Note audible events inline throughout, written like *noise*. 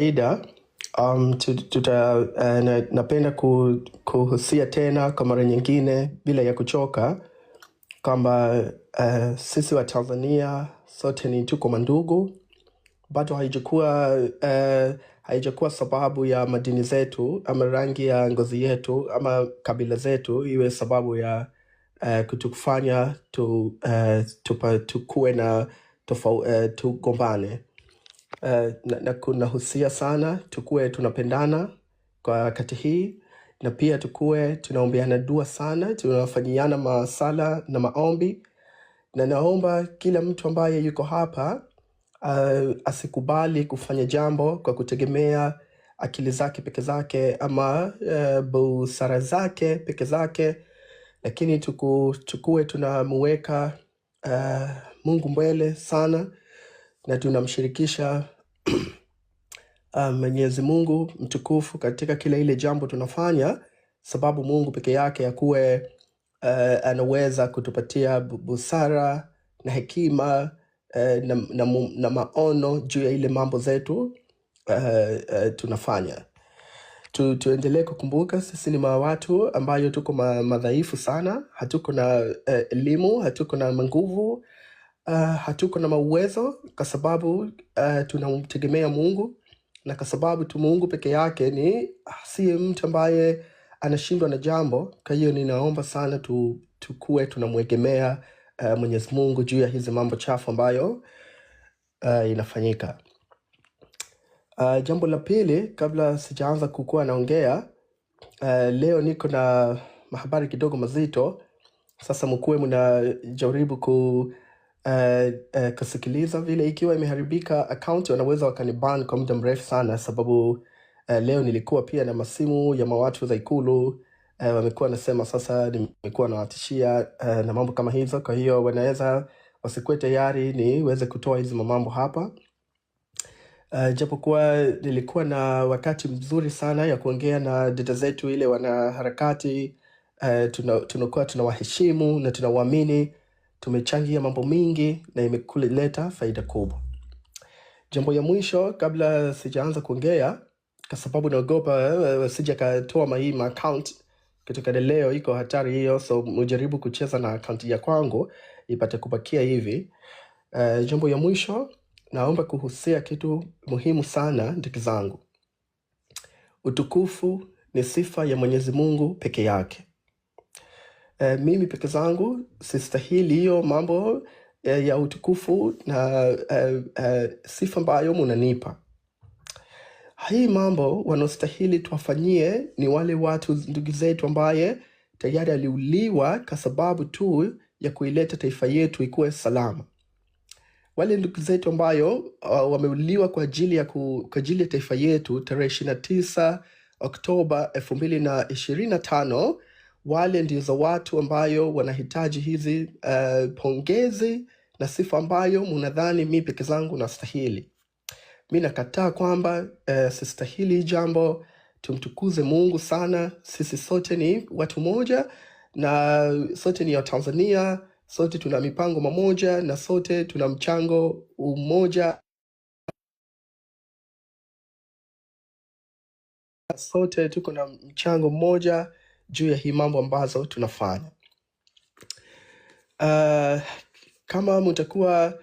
Ida, um, tuta, uh, na, napenda kuhusia tena kwa mara nyingine bila ya kuchoka kwamba uh, sisi wa Tanzania sote ni tuko mandugu. Bado haijakuwa uh, haijakuwa sababu ya madini zetu ama rangi ya ngozi yetu ama kabila zetu iwe sababu ya uh, kutukufanya tu, uh, tupa, tukuwe na tofau, uh, tugombane eh, na, na kunahusia sana tukuwe tunapendana kwa wakati hii na pia tukuwe tunaombeana dua sana, tunafanyiana masala na maombi, na naomba kila mtu ambaye yuko hapa uh, asikubali kufanya jambo kwa kutegemea akili zake peke zake ama uh, busara zake peke zake, lakini tuku, tukuwe tunamuweka uh, Mungu mbele sana na tunamshirikisha *clears throat* ah, Mwenyezi Mungu mtukufu katika kila ile jambo tunafanya, sababu Mungu peke yake akuwe uh, anaweza kutupatia busara na hekima uh, na, na, na maono juu ya ile mambo zetu uh, uh, tunafanya tu, tuendelee kukumbuka sisi ni watu ambayo tuko ma, madhaifu sana, hatuko na elimu uh, hatuko na nguvu Eh, hatuko na mauwezo kwa sababu uh, tunamtegemea Mungu na kwa sababu tu Mungu peke yake ni si mtu ambaye anashindwa na jambo. Kwa hiyo ninaomba sana tu, tukuwe tunamwegemea uh, Mwenyezi Mungu juu ya hizi mambo chafu ambayo uh, inafanyika. Uh, jambo la pili kabla sijaanza kukuwa naongea uh, leo niko na mahabari kidogo mazito. Sasa mkuwe mnajaribu ku Uh, uh, kusikiliza vile ikiwa imeharibika akaunti wanaweza wakaniban kwa muda mrefu sana, sababu uh, leo nilikuwa pia na masimu ya mawatu za Ikulu uh, wamekuwa nasema sasa, nimekuwa nawatishia uh, na mambo kama hizo. Kwa hiyo wanaweza wasikuwe tayari niweze kutoa hizi mamambo hapa uh, japokuwa nilikuwa na wakati mzuri sana ya kuongea na dada zetu ile wanaharakati uh, tunakuwa tunawaheshimu na tunawaamini tumechangia mambo mingi na imekuleta faida kubwa. Jambo ya mwisho kabla sijaanza kuongea, kwa sababu naogopa uh, sija katoa hii account katika leo, iko hatari hiyo, so mujaribu kucheza na account ya kwangu ipate kubakia hivi. Uh, jambo ya mwisho naomba kuhusia kitu muhimu sana ndugu zangu. Utukufu ni sifa ya Mwenyezi Mungu peke yake. Eh, mimi peke zangu sistahili hiyo mambo eh, ya utukufu na eh, eh, sifa ambayo munanipa. Hii mambo wanaostahili tuwafanyie ni wale watu ndugu zetu ambaye tayari aliuliwa kwa sababu tu ya kuileta taifa yetu ikuwe salama. Wale ndugu zetu ambayo uh, wameuliwa kwa ajili ya ku, ya taifa yetu tarehe 29 Oktoba 2025 wale ndizo watu ambayo wanahitaji hizi uh, pongezi na sifa ambayo munadhani mi peke zangu nastahili. Mi nakataa kwamba uh, sistahili jambo. Tumtukuze Mungu sana, sisi sote ni watu moja na sote ni Watanzania, sote tuna mipango mamoja na sote tuna mchango umoja, sote tuko na mchango mmoja juu ya hii mambo ambazo tunafanya. Uh, kama mtakuwa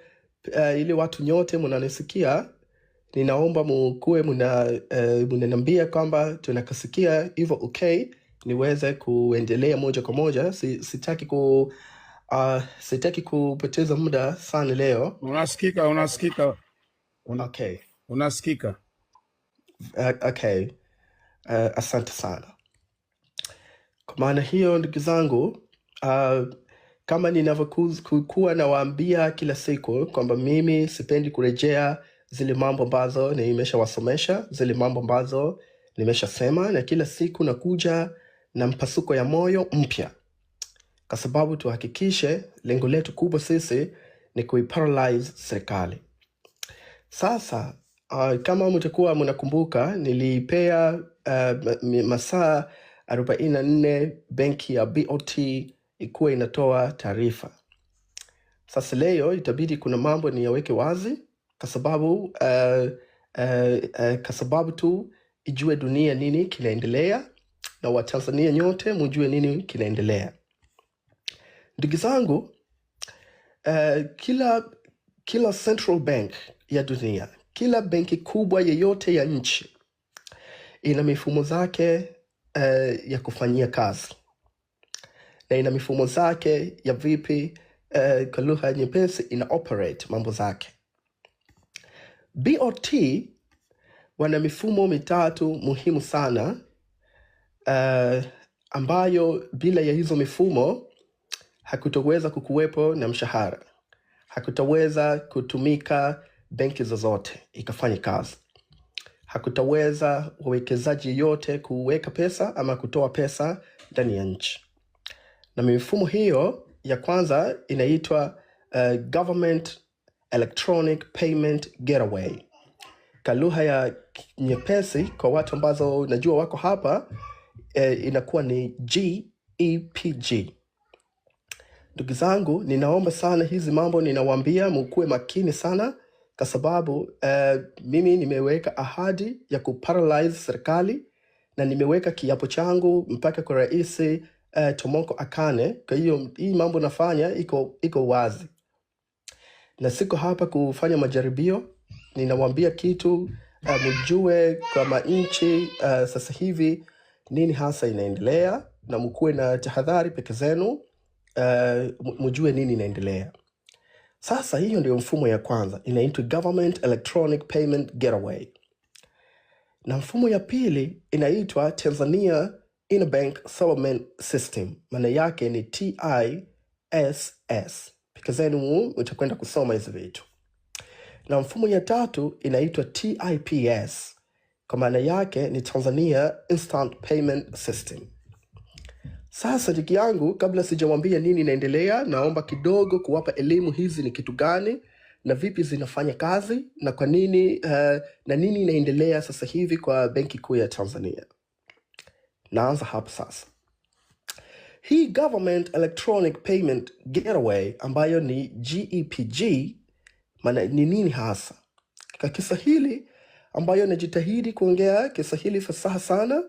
uh, ili watu nyote mnanisikia, ninaomba mkuwe mnaniambia eh, uh, kwamba tunakasikia hivyo ok niweze kuendelea moja kwa moja. Si, sitaki ku uh, sitaki kupoteza muda sana leo. Unasikika, unasikika. Una, okay. Unasikika. Uh, okay. Uh, asante sana. Kwa maana hiyo ndugu zangu, uh, kama ninavyokuwa nawaambia kila siku kwamba mimi sipendi kurejea zile mambo ambazo nimeshawasomesha, zile mambo ambazo nimeshasema, na kila siku nakuja na mpasuko ya moyo mpya, kwa sababu tuhakikishe lengo letu kubwa sisi ni kuiparalyze serikali. Sasa uh, kama mtakuwa mnakumbuka nilipea uh, ah, masaa arobaini na nne benki ya BOT ikuwa inatoa taarifa. Sasa leo itabidi kuna mambo ni yaweke wazi kwa sababu uh, uh, uh, kwa sababu tu ijue dunia nini kinaendelea na Watanzania nyote mujue nini kinaendelea. Ndugu zangu, uh, kila kila central bank ya dunia, kila benki kubwa yeyote ya nchi ina mifumo zake uh, ya kufanyia kazi na ina mifumo zake ya vipi uh, kwa lugha nyepesi ina operate mambo zake. BOT wana mifumo mitatu muhimu sana uh, ambayo bila ya hizo mifumo hakutoweza kukuwepo na mshahara, hakutaweza kutumika benki zozote ikafanya kazi hakutaweza wawekezaji yote kuweka pesa ama kutoa pesa ndani ya nchi. Na mifumo hiyo ya kwanza inaitwa uh, Government Electronic Payment getaway Kwa lugha ya nyepesi kwa watu ambazo najua wako hapa eh, inakuwa ni GEPG. E Ndugu zangu, ninaomba sana hizi mambo, ninawaambia mkuwe makini sana kwa sababu uh, mimi nimeweka ahadi ya kuparalyze serikali na nimeweka kiapo changu mpaka kwa rais uh, Tomoko Akane. Kwa hiyo hii mambo nafanya iko iko wazi na siko hapa kufanya majaribio. ninawambia kitu uh, mjue kwa nchi uh, sasa hivi nini hasa inaendelea, na mkuwe na tahadhari peke zenu uh, mjue nini inaendelea. Sasa hiyo ndio mfumo ya kwanza inaitwa Government Electronic Payment Gateway, na mfumo ya pili inaitwa Tanzania Interbank Settlement System, maana yake ni TISS. Pikazeni utakwenda kusoma hizi vitu, na mfumo ya tatu inaitwa TIPS, kwa maana yake ni Tanzania Instant Payment System. Sasa riki yangu, kabla sijamwambia nini inaendelea, naomba kidogo kuwapa elimu hizi ni kitu gani na vipi zinafanya kazi na kwa nini uh, na nini inaendelea sasa hivi kwa Benki Kuu ya Tanzania. Naanza hapa sasa. Hii Government Electronic Payment Gateway ambayo ni GEPG e maana ni nini hasa? Kwa Kiswahili ambayo najitahidi kuongea Kiswahili fasaha sana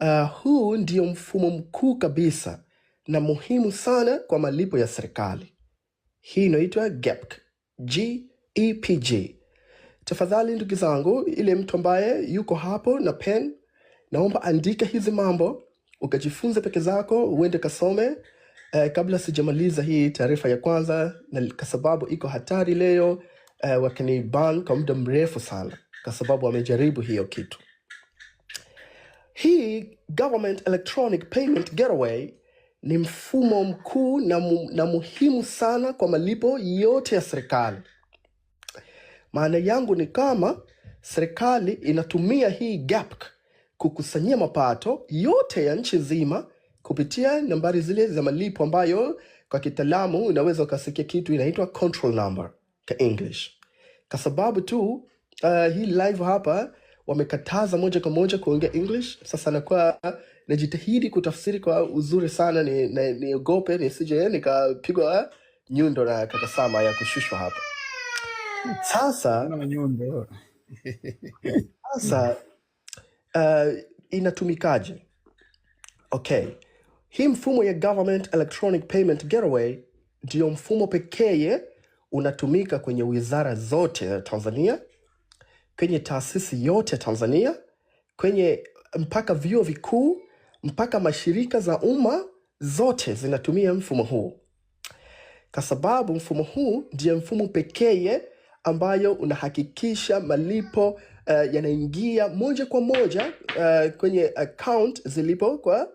Uh, huu ndio mfumo mkuu kabisa na muhimu sana kwa malipo ya serikali. Hii inaitwa GEPG, G-E-P-G. E Tafadhali ndugu zangu, ile mtu ambaye yuko hapo na pen, naomba andika hizi mambo ukajifunze peke zako, uende kasome eh, kabla sijamaliza hii taarifa ya kwanza, na kwa sababu iko hatari leo eh, wakiniban kwa muda mrefu sana, kwa sababu wamejaribu hiyo kitu. Hii government electronic payment gateway ni mfumo mkuu na, mu, na muhimu sana kwa malipo yote ya serikali. Maana yangu ni kama serikali inatumia hii gap kukusanyia mapato yote ya nchi nzima kupitia nambari zile za malipo ambayo kwa kitaalamu unaweza ukasikia kitu inaitwa control number kwa English, kwa sababu tu uh, hii live hapa wamekataza moja kwa moja kuongea English. Sasa nakuwa najitahidi kutafsiri kwa uzuri sana, niogope ni, ni nisije nikapigwa nyundo na katasama ya kushushwa hapa. Sasa sasa uh, inatumikaje? Okay, hii mfumo ya Government Electronic Payment getaway ndiyo mfumo pekee unatumika kwenye wizara zote Tanzania kwenye taasisi yote Tanzania, kwenye mpaka vyuo vikuu mpaka mashirika za umma zote zinatumia mfumo huu, kwa sababu mfumo huu ndiye mfumo pekee ambayo unahakikisha malipo uh, yanaingia moja kwa moja uh, kwenye account zilipo kwa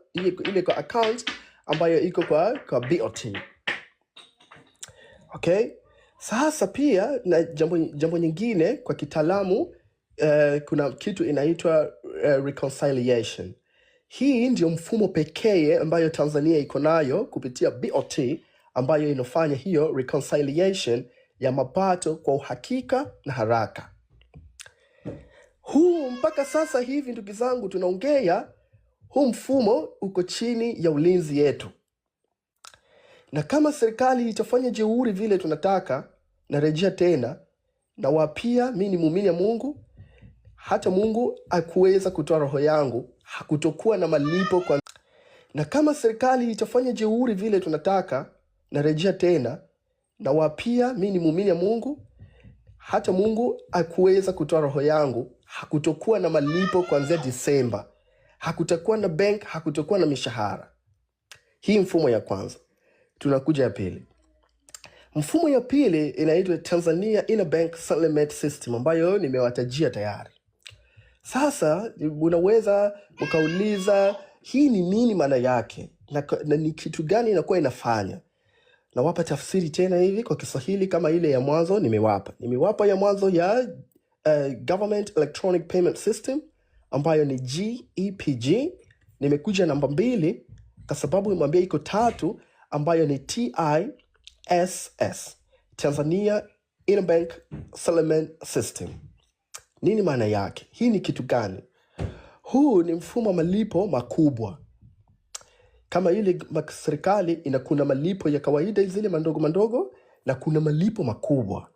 ile kwa account ambayo iko kwa, kwa BOT. Okay? Sasa pia na jambo, jambo nyingine kwa kitaalamu uh, kuna kitu inaitwa uh, reconciliation. Hii ndiyo mfumo pekee ambayo Tanzania iko nayo kupitia BOT ambayo inafanya hiyo reconciliation ya mapato kwa uhakika na haraka. Huu mpaka sasa hivi, ndugu zangu, tunaongea huu mfumo uko chini ya ulinzi yetu, na kama serikali itafanya jeuri vile tunataka narejea tena, na wapia mi ni muumini ya Mungu, hata Mungu akuweza kutoa roho yangu, hakutokuwa na malipo kwa... na kama serikali itafanya jeuri vile tunataka, narejea tena, na wapia mi ni muumini ya Mungu, hata Mungu akuweza kutoa roho yangu, hakutokuwa na malipo kuanzia Disemba, hakutakuwa na bank, hakutokuwa na mishahara. Hii mfumo ya kwanza. Tunakuja ya pili. Mfumo ya pili inaitwa Tanzania Interbank Settlement System ambayo nimewatajia tayari. Sasa unaweza ukauliza hii ni nini maana yake na, na ni kitu gani inakuwa inafanya? Nawapa tafsiri tena hivi kwa Kiswahili kama ile ya mwanzo nimewapa. Nimewapa ya mwanzo ya uh, Government Electronic Payment System ambayo ni GEPG. E Nimekuja namba mbili kwa sababu imwambia iko tatu ambayo ni TI TSS, Tanzania Interbank Settlement System. Nini maana yake? Hii ni kitu gani? Huu ni mfumo wa malipo makubwa kama ile serikali ina kuna malipo ya kawaida zile mandogo mandogo na kuna malipo makubwa.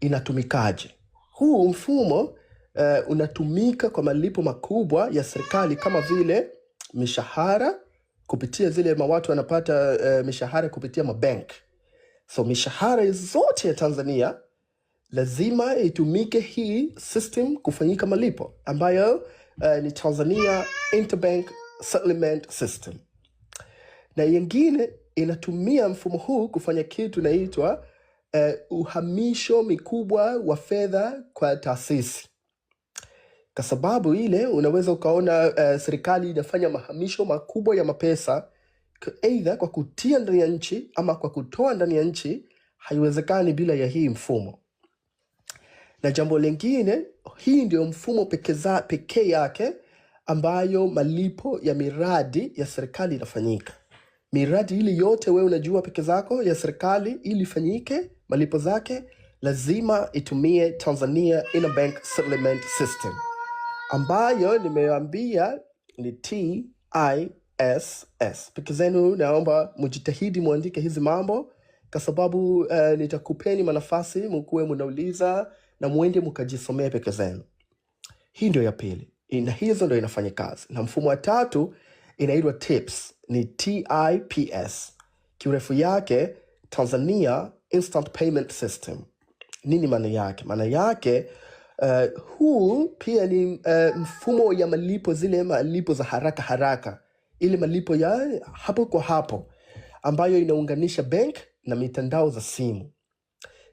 Inatumikaje huu mfumo? Uh, unatumika kwa malipo makubwa ya serikali kama vile mishahara kupitia zile mawatu wanapata uh, mishahara kupitia mabank So mishahara zote ya Tanzania lazima itumike hii system kufanyika malipo ambayo uh, ni Tanzania Interbank Settlement System, na yengine inatumia mfumo huu kufanya kitu inaitwa uh, uhamisho mikubwa wa fedha kwa taasisi kwa sababu ile unaweza ukaona uh, serikali inafanya mahamisho makubwa ya mapesa aidha kwa kutia ndani ya nchi ama kwa kutoa ndani ya nchi, haiwezekani bila ya hii mfumo. Na jambo lingine, hii ndiyo mfumo pekee yake ambayo malipo ya miradi ya serikali inafanyika. Miradi ile yote wewe unajua peke zako ya serikali ili ifanyike malipo zake lazima itumie Tanzania Interbank Settlement System ambayo nimeambia ni TIS. SS. Peke zenu naomba mjitahidi mwandike hizi mambo kwa sababu uh, nitakupeni manafasi mkuwe mnauliza na mwende mkajisomea peke zenu. Hii ndio ya pili, na hizo ndio inafanya kazi. Na mfumo wa tatu inaitwa TIPS, ni TIPS, kiurefu yake Tanzania Instant Payment System. Nini maana yake? Maana yake uh, huu pia ni uh, mfumo ya malipo, zile malipo za haraka haraka ile malipo ya hapo kwa hapo ambayo inaunganisha bank na mitandao za simu,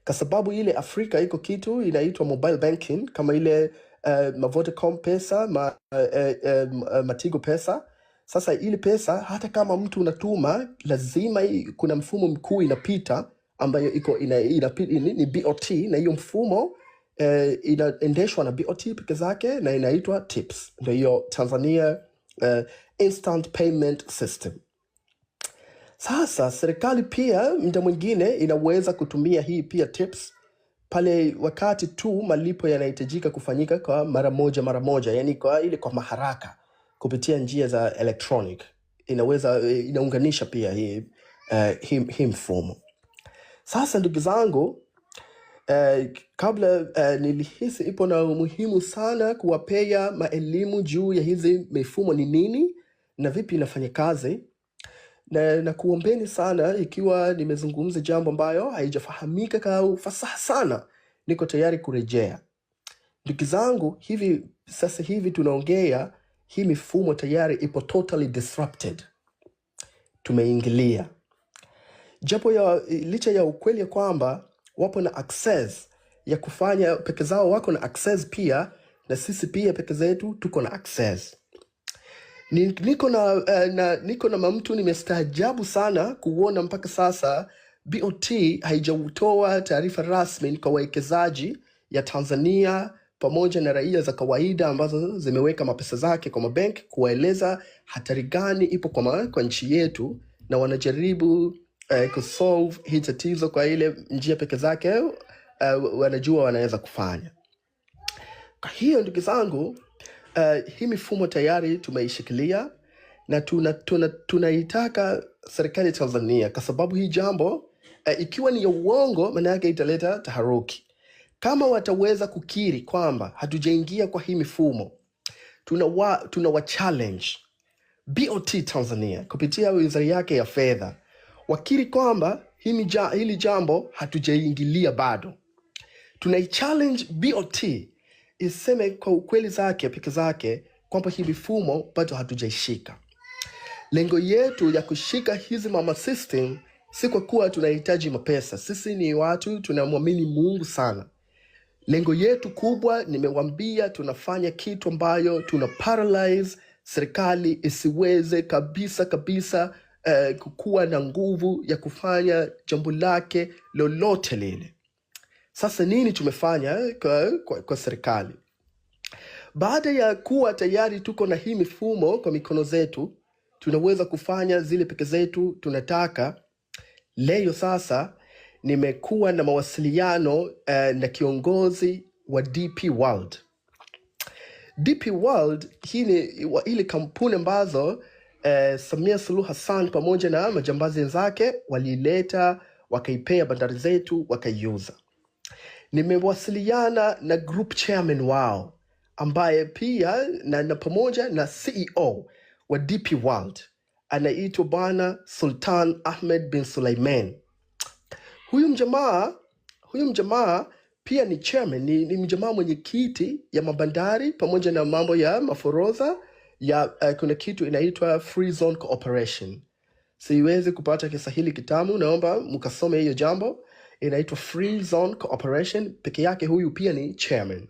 kwa sababu ile Afrika iko kitu inaitwa mobile banking kama ile uh, eh, Mavodacom pesa ma, uh, uh, uh, Matigo pesa. Sasa ile pesa hata kama mtu unatuma, lazima kuna mfumo mkuu inapita ambayo iko ina, ina, ina, ni BOT na hiyo mfumo eh, inaendeshwa na BOT peke zake na inaitwa TIPS. Ndio hiyo Tanzania uh, instant payment system. Sasa serikali pia mda mwingine inaweza kutumia hii pia tips pale wakati tu malipo yanahitajika kufanyika kwa mara moja mara moja, yani kwa ile kwa maharaka kupitia njia za electronic, inaweza inaunganisha pia hii, uh, hii, hii mfumo. Sasa ndugu zangu eh, kabla eh, nilihisi ipo na umuhimu sana kuwapea maelimu juu ya hizi mifumo ni nini na vipi inafanya kazi na, na kuombeni sana ikiwa nimezungumza jambo ambayo haijafahamika kwa ufasaha sana, niko tayari kurejea. Ndugu zangu, hivi sasa hivi tunaongea hii mifumo tayari ipo totally disrupted, tumeingilia japo ya licha ya ukweli ya kwamba wapo na access ya kufanya peke zao, wako na access pia, na sisi pia peke zetu tuko na access. Niko na, eh, na, niko na mamtu, nimestaajabu sana kuona mpaka sasa BOT haijatoa taarifa rasmi kwa wawekezaji ya Tanzania pamoja na raia za kawaida ambazo zimeweka mapesa zake kwa mabenki kuwaeleza hatari gani ipo kwa, ma, kwa nchi yetu na wanajaribu eh, kusolve hii tatizo kwa ile njia peke zake eh, wanajua wanaweza kufanya. Kwa hiyo ndugu zangu eh, hii mifumo tayari tumeishikilia na tunaitaka tuna, tuna serikali ya Tanzania kwa sababu hii jambo eh, ikiwa ni ya uongo, maana yake italeta taharuki. Kama wataweza kukiri kwamba hatujaingia kwa hii mifumo, tuna wa, tuna wa challenge BOT Tanzania kupitia wizara yake ya fedha wakiri kwamba hili jambo hatujaingilia bado. challenge BOT iseme kwa ukweli zake peke zake kwamba hii mifumo bado hatujaishika. Lengo yetu ya kushika hizi mama system si kwa kuwa tunahitaji mapesa. Sisi ni watu tunamwamini Mungu sana. Lengo yetu kubwa, nimewambia, tunafanya kitu ambayo tuna paralyze serikali isiweze kabisa kabisa eh, kuwa na nguvu ya kufanya jambo lake lolote lile. Sasa nini tumefanya eh, kwa, kwa, kwa serikali? Baada ya kuwa tayari tuko na hii mifumo kwa mikono zetu, tunaweza kufanya zile peke zetu tunataka. Leo sasa nimekuwa na mawasiliano eh, na kiongozi wa DP World. DP World hii ni ile kampuni ambazo eh, Samia Suluhu Hassan pamoja na majambazi wenzake waliileta wakaipea bandari zetu wakaiuza. Nimewasiliana na group chairman wao ambaye pia na, na pamoja na CEO wa DP World anaitwa Bwana Sultan Ahmed bin Sulaiman. Huyu mjamaa huyu mjamaa pia ni chairman, ni, ni mjamaa mwenyekiti ya mabandari pamoja na mambo ya maforodha ya uh, kuna kitu inaitwa free zone cooperation. Siwezi kupata kisahili kitamu, naomba mkasome hiyo jambo, inaitwa free zone cooperation peke yake. Huyu pia ni chairman.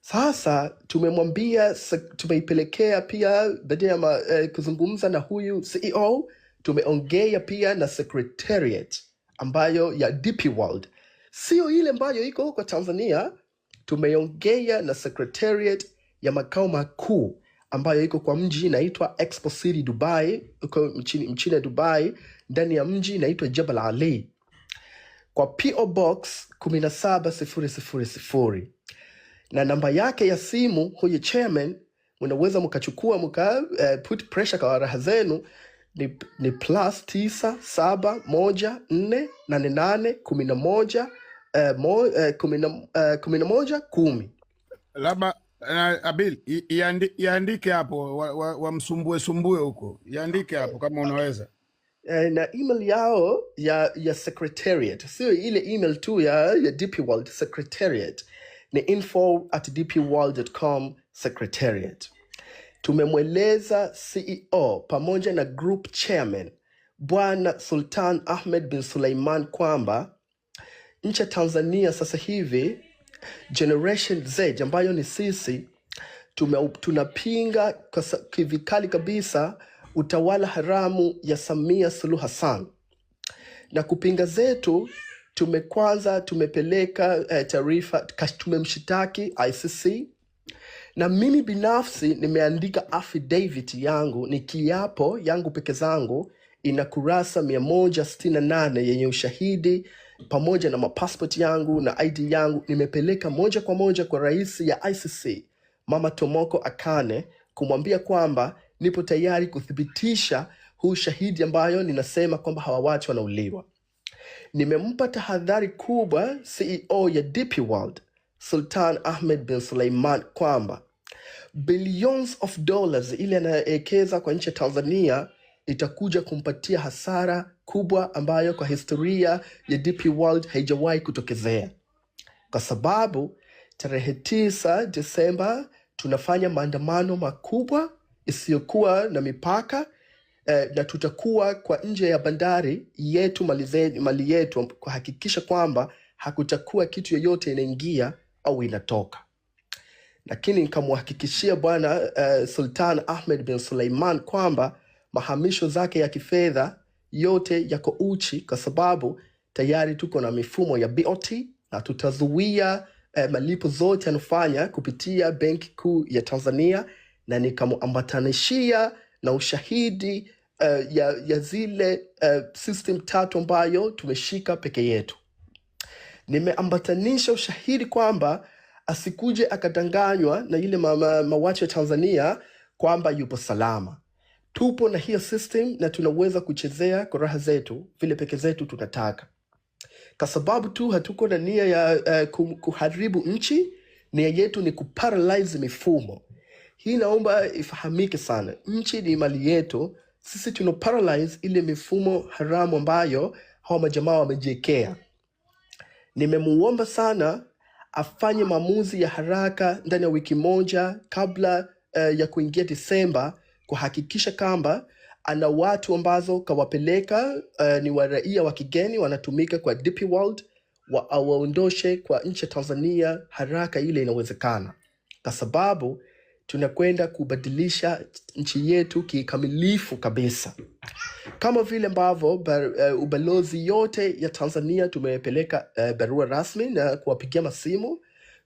Sasa tumemwambia, tumeipelekea pia baada ya uh, kuzungumza na huyu CEO, tumeongea pia na secretariat ambayo ya DP World, sio ile ambayo iko huko Tanzania. Tumeongea na secretariat ya makao makuu ambayo iko kwa mji inaitwa Expo City Dubai, uko mchini, mchini Dubai, ndani ya mji inaitwa Jabal Ali kwa PO Box 17000 na namba yake ya simu. Huyu chairman unaweza mkachukua mka, uh, put pressure kwa raha zenu ni, ni plus 97148811 moja kumi moja eh, eh, kumi na moja kumi. Labda na, eh, Abil iandike hapo wamsumbue wa, wa sumbue huko iandike hapo okay. Kama unaweza eh, Na email yao ya ya secretariat sio ile email tu ya, ya DP World secretariat ni info at dpworld.com secretariat. Tumemweleza CEO pamoja na group chairman Bwana Sultan Ahmed bin Suleiman kwamba nchi ya Tanzania sasa hivi Generation Z ambayo ni sisi tume, tunapinga kivikali kabisa utawala haramu ya Samia Suluhu Hassan, na kupinga zetu tume kwanza tumepeleka eh, taarifa tumemshitaki ICC na mimi binafsi nimeandika affidavit yangu ni kiapo yangu peke zangu, ina kurasa 168 yenye ushahidi pamoja na mapaspoti yangu na ID yangu nimepeleka moja kwa moja kwa rais ya ICC Mama Tomoko Akane kumwambia kwamba nipo tayari kuthibitisha huu shahidi ambayo ninasema kwamba hawa watu wanauliwa. Nimempa tahadhari kubwa CEO ya DP World Sultan Ahmed bin Suleiman kwamba billions of dollars ile anayowekeza kwa nchi ya Tanzania itakuja kumpatia hasara kubwa ambayo kwa historia ya DP World haijawahi kutokezea, kwa sababu tarehe tisa Desemba tunafanya maandamano makubwa isiyokuwa na mipaka eh, na tutakuwa kwa nje ya bandari yetu mali, mali yetu kuhakikisha kwamba hakutakuwa kitu yoyote inaingia au inatoka. Lakini nikamhakikishia Bwana eh, Sultan Ahmed bin Suleiman kwamba mahamisho zake ya kifedha yote yako uchi, kwa sababu tayari tuko na mifumo ya BOT na tutazuia eh, malipo zote yanofanya kupitia Benki Kuu ya Tanzania, na nikamambatanishia na ushahidi uh, ya, ya zile uh, system tatu ambayo tumeshika peke yetu. Nimeambatanisha ushahidi kwamba asikuje akadanganywa na yule mawacho ya Tanzania kwamba yupo salama tupo na hiyo system na tunaweza kuchezea kwa raha zetu vile peke zetu tunataka, kwa sababu tu hatuko na nia ya uh, kuharibu nchi. Nia yetu ni kuparalyze mifumo hii. Naomba ifahamike sana, nchi ni mali yetu sisi, tuna ile mifumo haramu ambayo hawa majamaa wamejiekea Nimemuomba sana afanye maamuzi ya haraka ndani ya wiki moja kabla uh, ya kuingia disemba kuhakikisha kwamba ana watu ambazo kawapeleka uh, ni waraia wa kigeni wanatumika kwa DP World wa awaondoshe kwa nchi ya Tanzania haraka ile inawezekana, kwa sababu tunakwenda kubadilisha nchi yetu kikamilifu kabisa, kama vile ambavyo uh, ubalozi yote ya Tanzania tumepeleka uh, barua rasmi na kuwapigia masimu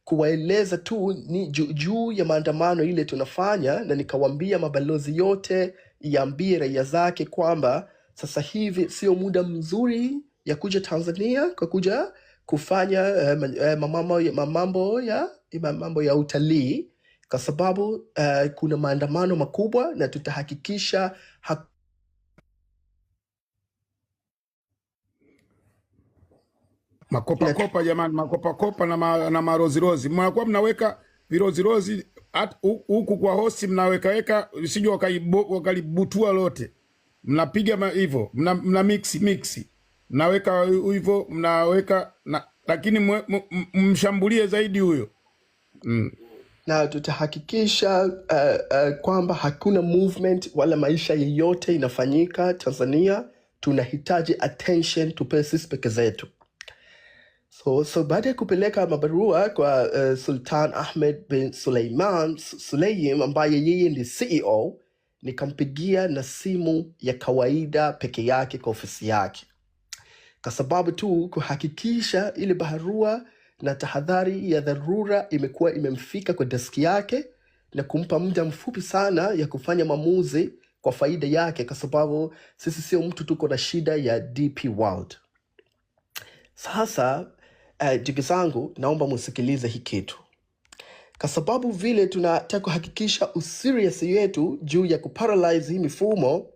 kuwaeleza tu ni juu ju ya maandamano ile tunafanya, na nikawaambia mabalozi yote iambie raia zake kwamba sasa hivi sio muda mzuri ya kuja Tanzania kwa kuja kufanya eh, mamambo, eh, mamambo ya mambo ya utalii kwa sababu eh, kuna maandamano makubwa na tutahakikisha makopa kopa jamani, makopa kopa na, ma, na marozi rozi, mnakuwa mnaweka virozi rozi huku kwa hosi, mnawekaweka usije wakalibutua lote, mnapiga hivyo, mna, mna mix mix, mnaweka hivyo, mnaweka na, lakini mshambulie zaidi huyo mm. Na tutahakikisha uh, uh, kwamba hakuna movement wala maisha yeyote inafanyika Tanzania. Tunahitaji attention, tupee sisi peke zetu. So, so baada ya kupeleka mabarua kwa uh, Sultan Ahmed bin Suleiman Suleim ambaye yeye ni CEO, nikampigia na simu ya kawaida peke yake kwa ofisi yake, kwa sababu tu kuhakikisha ile barua na tahadhari ya dharura imekuwa imemfika kwa deski yake na kumpa muda mfupi sana ya kufanya maamuzi kwa faida yake, kwa sababu sisi sio mtu tuko na shida ya DP World. Sasa uh, zangu, naomba musikilize hii kitu kwa sababu vile tunataka kuhakikisha userious yetu juu ya kuparalyze hii mifumo